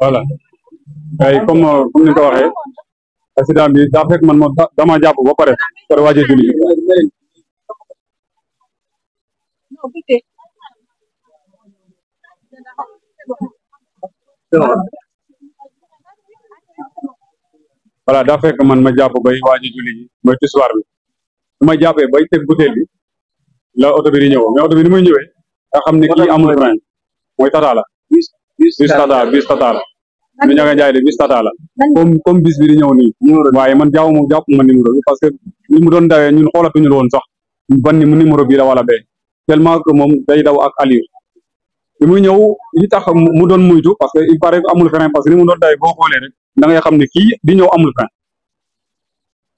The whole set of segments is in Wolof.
voilà ay comme comme ni daa fekk man ma dama jàpp ba pare pare waaje julli voilà daa fekk man ma jàpp bay waaje julli ji mooy tiswaar bi su ma bay teg butéel bi la oto bi di ñëw mais oto bi ni muy ñëwee nga xam ne kii amul frein mooy tata la bis tata bis tata la ñu ña nga jaay de bis tata comme comme bis bi nii waaye man jaaw ma jàpp ma numéro bi parce que ni mu doon dawee ñun xoolatuñu woon sax ban mu numéro bii la wala bee tellement que moom day daw ak Aliou bi muy ñëw li tax mu doon muytu parce que il paraît amul frein parce que ni mu doon dawee boo xoolee rek da xam ne kii di ñëw amul frein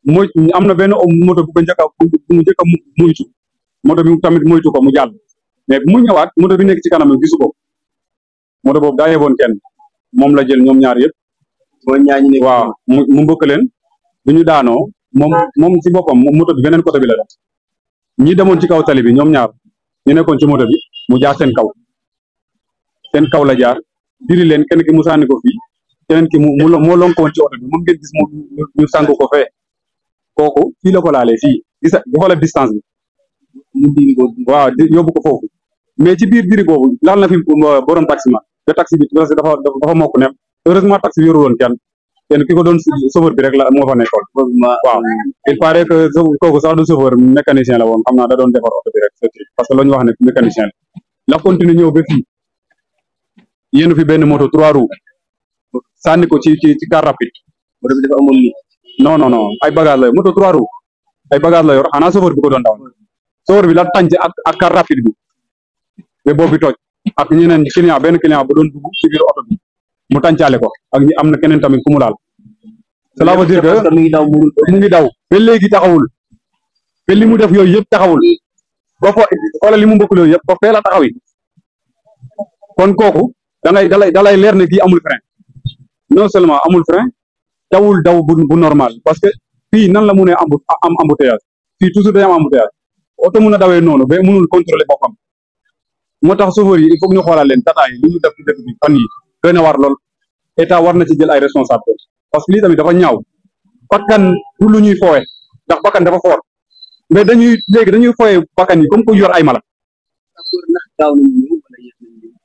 mooy am na benn moto bu ko njëkk a bu njëkk a muytu moto bi tamit muytu ko mu jàll mais bu mu ñëwaat moto bi nekk ci kanam gisu ko moto boobu daa yeboon kenn moom la jël ñoom ñaar yëpp. mooy ñaar ñi waaw mu mu mbëkk leen bu ñu daanoo moom moom si boppam moto bi beneen côté bi la def ñi demoon ci kaw tali bi ñoom ñaar ñu nekkoon ci moto bi mu jaar seen kaw seen kaw la jaar diri leen kenn ki mu sànni ko fii keneen ki mu mu moo lonkoon ci oto bi moom ngeen gis mu ñu sàng ko fee kooku fii la ko laalee fii di sa di xoolal distance bi. waaw yóbbu foofu mais ci biir diri boobu laal na fi euh, borom taxi te taxi bi dafa dafa mokk nem heureusement taxi kenn kenn ki ko doon chauffeur bi rek la moo fa nekkoon waaw il paraît que kooku sax du chauffeur mécanicien la woon xam naa da doon defar oto bi rek parce que loo ñu wax mécanicien la la continue ñëw ba fii yéenu fi benn moto trois roues sànni ko ci ci ci car rapide moto bi dafa amoon ni non ay bagage la yor moto trois roues ay bagage la yor xanaa chauffeur bi ko doon daw chauffeur bi la tànc ak ak car bi ba boobu bi ak ñeneen client benn client bu doon dugg ci biir oto mu tàncaale ko ak ñi am na keneen tamit ku mu laal cela veut dire que mu ngi daw mu ngi daw léegi taxawul ba li mu def yooyu yëpp taxawul ba fo xoolal li mu mbokk yooyu yëpp ba fee la kon kooku da ngay dalay dalay leer ne kii amul frein non seulement amul frein dawul daw bu bu normal parce que fii nan la mun a am am embouteillage fii toujours day am embouteillage oto mun a dawee noonu ba mënul contrôler boppam moo tax chauffeur yi il faut ñu xoolal leen tata yi li ñu def ci dëkk bi fan yi na war lool état war na ci jël ay responsable parce que lii tamit dafa ñaaw bakkan du lu ñuy foowe ndax bakkan dafa foor mais dañuy léegi dañuy fooye bakkan yi comme ku yor ay mala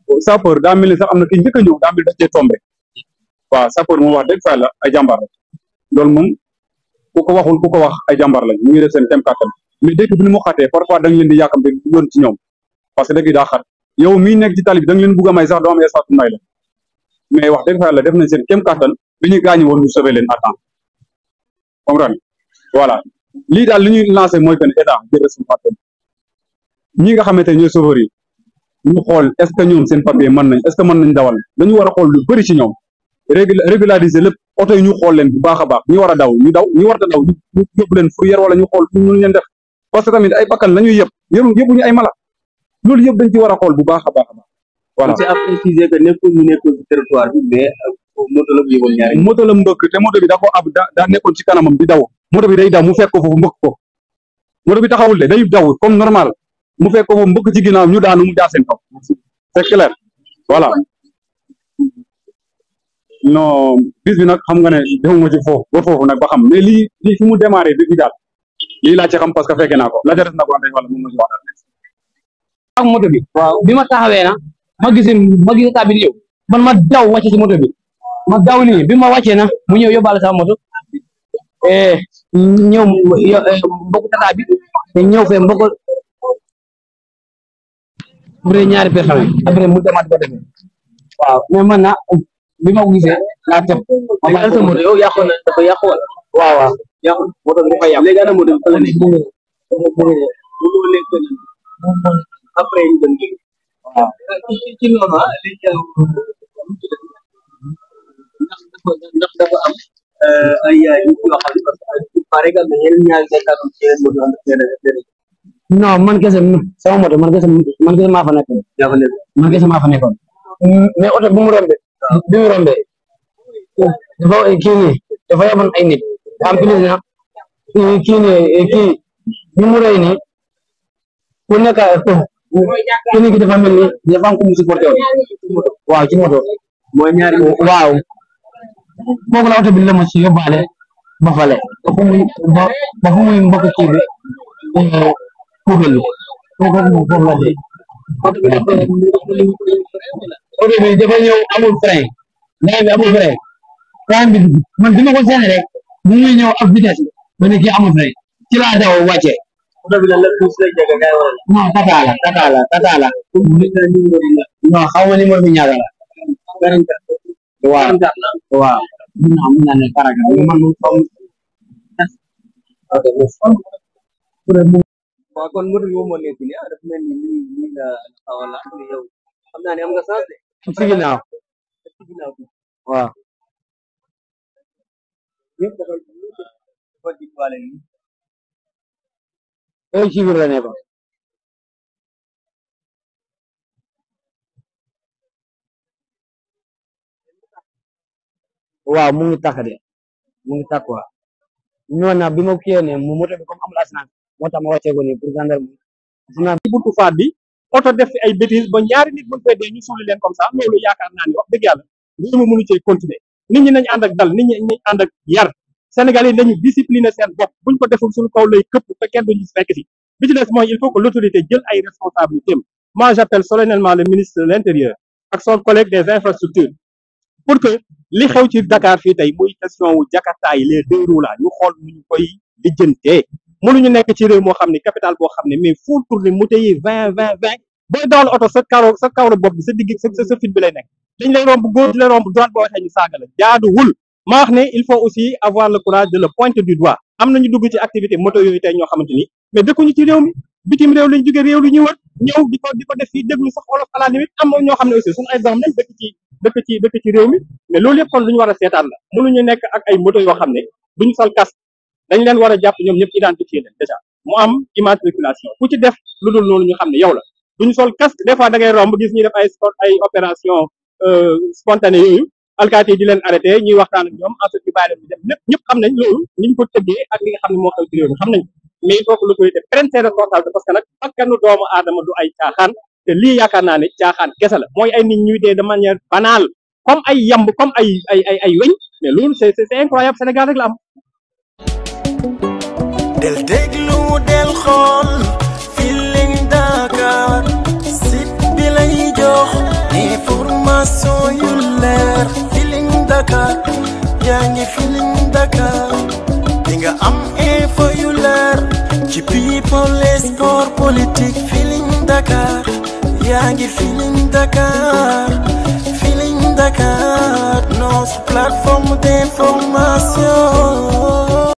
oh, sapeur daa mel ni sax am na ki njëkk a ñëw daa mel da cee tombé waaw sapeur moom wax dëgg fa la ay jàmbaar la loolu moom ku ko waxul ku ko wax ay jambar la ñu ngi def seen tem kàttan mais dëkk bi ni mu xatee parfois da nga leen di yàkkamte yoon ci ñoom parce que dëkk bi daa xat yow mii nekk ci tali bi da leen bugg a may sax doo am espace bu may la mais wax dëgg fa yàlla def na seen kéem kattan bi ñu gaañu woon ñu sauvé leen à temps comprendre voilà lii daal li ñuy lancé mooy que ne ñi nga xamante ne ñooy sauveur yi ñu xool est ce que ñoom seen papier mën nañ est ce que mën nañ dawal dañu war a xool lu bëri ci ñoom régulariser lépp oto yi ñu xool leen bu baax a baax ñu war daw ñu daw war a daw ñu yóbbu leen fourrière ñu xool ñu leen def parce que tamit la ñuy yëpp yëpp yëpp ñu loolu yëpp dañ ci war a xool bu baax a baax a baax voilà c'est à préciser que moto la bu mbëkk te moto bi da ko ab da daa nekkoon ci kanamam bi daw moto bi day daw mu fekk ko foofu mbëkk ko moto bi taxawul de day daw comme normal mu fekk ko foofu mbëkk ci ginnaaw ñu daanu mu daa seen kaw c'est clair voilà non bi nag xam nga ne defuma ci foofu ba ba xam mais li lii fi mu démarré bi daal lii laa ci xam parce que fekke naa ko la ca des nag wax dëgg wala moom la ñu wax daal ak bi bi bi ma taxawee na ma gis ma gis kaa bi man ma daw wàcce si moto bi ma daw nii bi ma wàccee mu ñëw yóbbaale sama moto ñëw ñëw fee mbokku bu dee ñaari personne après mu demaat ko defee waaw mais man na bi ma ko gisee na dafa après non man kese sama moto man kese man kese man kese maa fa nekkoon. oto bi mu rombee. bi mu rombee. dafa kii nii dafa yaboon ay nit. ku kenn ki dafa mel ni dafa am ku mu supporté woon waaw ci moto mooy ñaari waaw kooku la oto bi la ma si yóbbaale ba fale ba eh, amul frein nawet bi amul frein frein bi man bi ma ko seen rek bu muy ñëw ak vitesse bi amul frein ci laa daw non tata la tata la tata la non xaw ma numéro waaw waaw mun naa mun naa ne man waaw kon moto bi waaw Öyle figürlerine bak. mu ngi tax de mu ngi tax quoi ñoo na bi ma mu moto bi comme amul assurance moo tax ma wàccee ko nii pour gendarmerie bi buntu faat bi oto def ay bêtises ba ñaari nit buñ koy dee ñu suuli leen comme ça loolu yaakaar naa ne wax dëgg yàlla li mu mënu cee continuer nit ñi nañ ànd ak dal nit ñi nañ ànd yar Sénégal yi nañu discipliner seen bopp buñ ko deful suñu kaw lay këpp te kenn duñu fekk si bi ci des mooy il faut que l'autorité jël ay responsabilités moi j'appelle solennellement le ministre de l'intérieur ak son collègue des infrastructures pour que li xew ci Dakar fii tey muy question wu Jakarta yi les deux roues ñu xool nu ñu koy lu ñu nekk ci réew moo xam ne capital boo xam ne mais fu tourné moto yi vingt vingt vingt booy dawal oto sa kawar sa kawar bopp sa digg sa sa fit bi dañ lay romb góor di lay romb droite boo la jaaduwul ma wax ne il faut aussi avoir le courage de le pointer du doigt am nañu dugg ci activité moto yooyu tey ñoo xamante ni mais dëkkuñu ci réew mi bitim réew lañu jógee réew lu ñu wër ñëw di ko di ko def am na ñoo xam ne aussi suñu ay ci réew mi mais loolu yëpp kon lu ñu war a seetaan la ñu nekk ak ay moto yoo xam ne duñu sol casque dañ leen war a jàpp ñoom ñëpp identifier leen déjà mu am immatriculation ku ci def lu dul noonu ñu xam ne yow la duñu sol casque des fois da ngay romb gis ñuy def ay sport ay opération euh, spontanée yooyu alkaati yi di leen arrêté ñuy waxtaan ak ñoom ensuite ñu bàyyi leen di def lépp ñëpp xam nañ loolu ni ñu ko tëggee ak li a xam ne moo xew ci réew xam nañ mais il lu koy def prendre ses responsabilités parce que nag bakkanu doomu aadama du ay caaxaan te lii yaakaar naa ne caaxaan kese la mooy ay nit ñuy dee de manière banale comme ay yamb comme ay ay ay ay weñ mais loolu c'est c'est incroyable Sénégal rek la am. del déglu del xool Feeling Dakar information yu leer Feeling yaa ngi Feeling Dakar di nga am info yu leer ci yaa ngi Feeling Dakar Feeling Dakar nos plateforme d'information